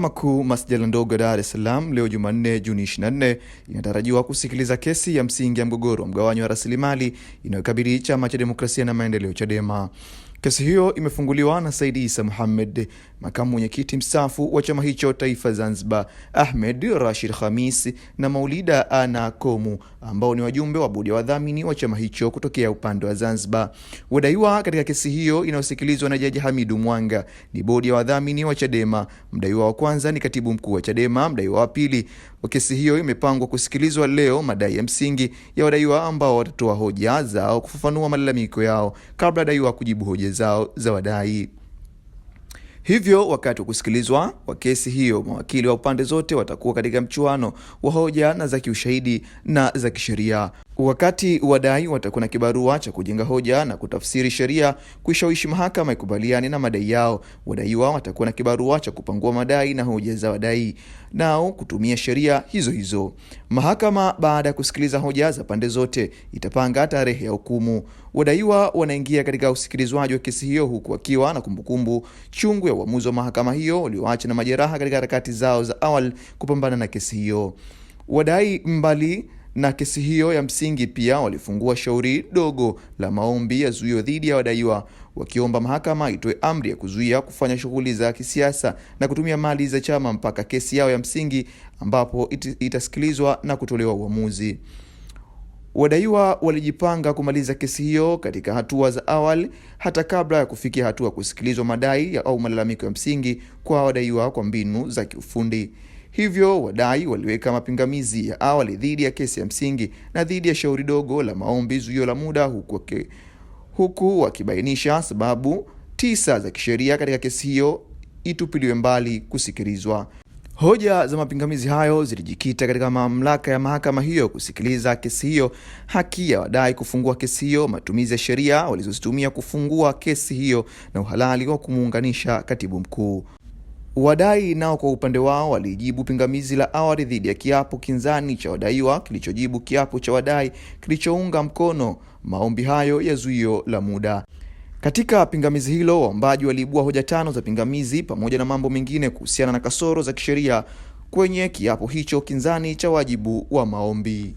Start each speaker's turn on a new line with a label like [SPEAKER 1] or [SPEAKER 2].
[SPEAKER 1] Makuu masjala ndogo ya Dar es Salaam leo Jumanne Juni 24 inatarajiwa kusikiliza kesi ya msingi ya mgogoro wa mgawanyo wa rasilimali inayokabili Chama cha Demokrasia na Maendeleo, Chadema. Kesi hiyo imefunguliwa na Saidi Isa Mohamed, makamu mwenyekiti mstaafu wa chama hicho taifa Zanzibar, Ahmed Rashid Khamis na Maulida Ana Komu ambao ni wajumbe wa bodi ya wadhamini wa chama hicho kutokea upande wa Zanzibar. Wadaiwa katika kesi hiyo inayosikilizwa na Jaji Hamidu Mwanga ni bodi ya wadhamini wa Chadema. Mdaiwa wa kwanza ni katibu mkuu wa Chadema. Mdaiwa wa pili wa kesi hiyo imepangwa kusikilizwa leo madai ya msingi ya wadaiwa ambao watatoa hoja zao kufafanua malalamiko yao kabla daiwa kujibu hoja zao za wadai. Hivyo wakati wa kusikilizwa kwa kesi hiyo, mawakili wa upande zote watakuwa katika mchuano wa hoja na za kiushahidi na za kisheria. Wakati wadai watakuwa na kibarua cha kujenga hoja na kutafsiri sheria kuishawishi mahakama ikubaliane na madai yao, wadaiwa watakuwa na kibarua cha kupangua madai na hoja za wadai, nao kutumia sheria hizo hizo. Mahakama baada ya kusikiliza hoja za pande zote itapanga tarehe ya hukumu. Wadaiwa wanaingia katika usikilizwaji wa kesi hiyo huku wakiwa na kumbukumbu chungu ya uamuzi wa mahakama hiyo ulioacha na majeraha katika harakati zao za awali kupambana na kesi hiyo. Wadai mbali na kesi hiyo ya msingi pia walifungua shauri dogo la maombi ya zuio dhidi ya wadaiwa wakiomba mahakama itoe amri ya kuzuia kufanya shughuli za kisiasa na kutumia mali za chama mpaka kesi yao ya msingi ambapo itasikilizwa na kutolewa uamuzi. Wadaiwa walijipanga kumaliza kesi hiyo katika hatua za awali hata kabla ya kufikia hatua kusikilizwa madai au malalamiko ya msingi kwa wadaiwa kwa mbinu za kiufundi. Hivyo wadai waliweka mapingamizi ya awali dhidi ya kesi ya msingi na dhidi ya shauri dogo la maombi zuio la muda huku, ke, huku wakibainisha sababu tisa za kisheria katika kesi hiyo itupiliwe mbali kusikilizwa. Hoja za mapingamizi hayo zilijikita katika mamlaka ya mahakama hiyo kusikiliza kesi hiyo, haki ya wadai kufungua kesi hiyo, matumizi ya sheria walizozitumia kufungua kesi hiyo na uhalali wa kumuunganisha katibu mkuu. Wadai nao kwa upande wao walijibu pingamizi la awali dhidi ya kiapo kinzani cha wadaiwa kilichojibu kiapo cha wadai kilichounga mkono maombi hayo ya zuio la muda. Katika pingamizi hilo, waombaji waliibua hoja tano za pingamizi pamoja na mambo mengine kuhusiana na kasoro za kisheria kwenye kiapo hicho kinzani cha wajibu wa maombi.